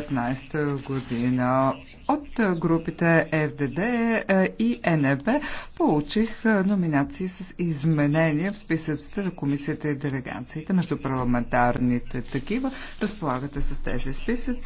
2015 година. От групите ФДД е, и НЕП получих е, номинации с изменения в списъците на комисията и делегациите, между парламентарните такива. Разполагате с тези списъци.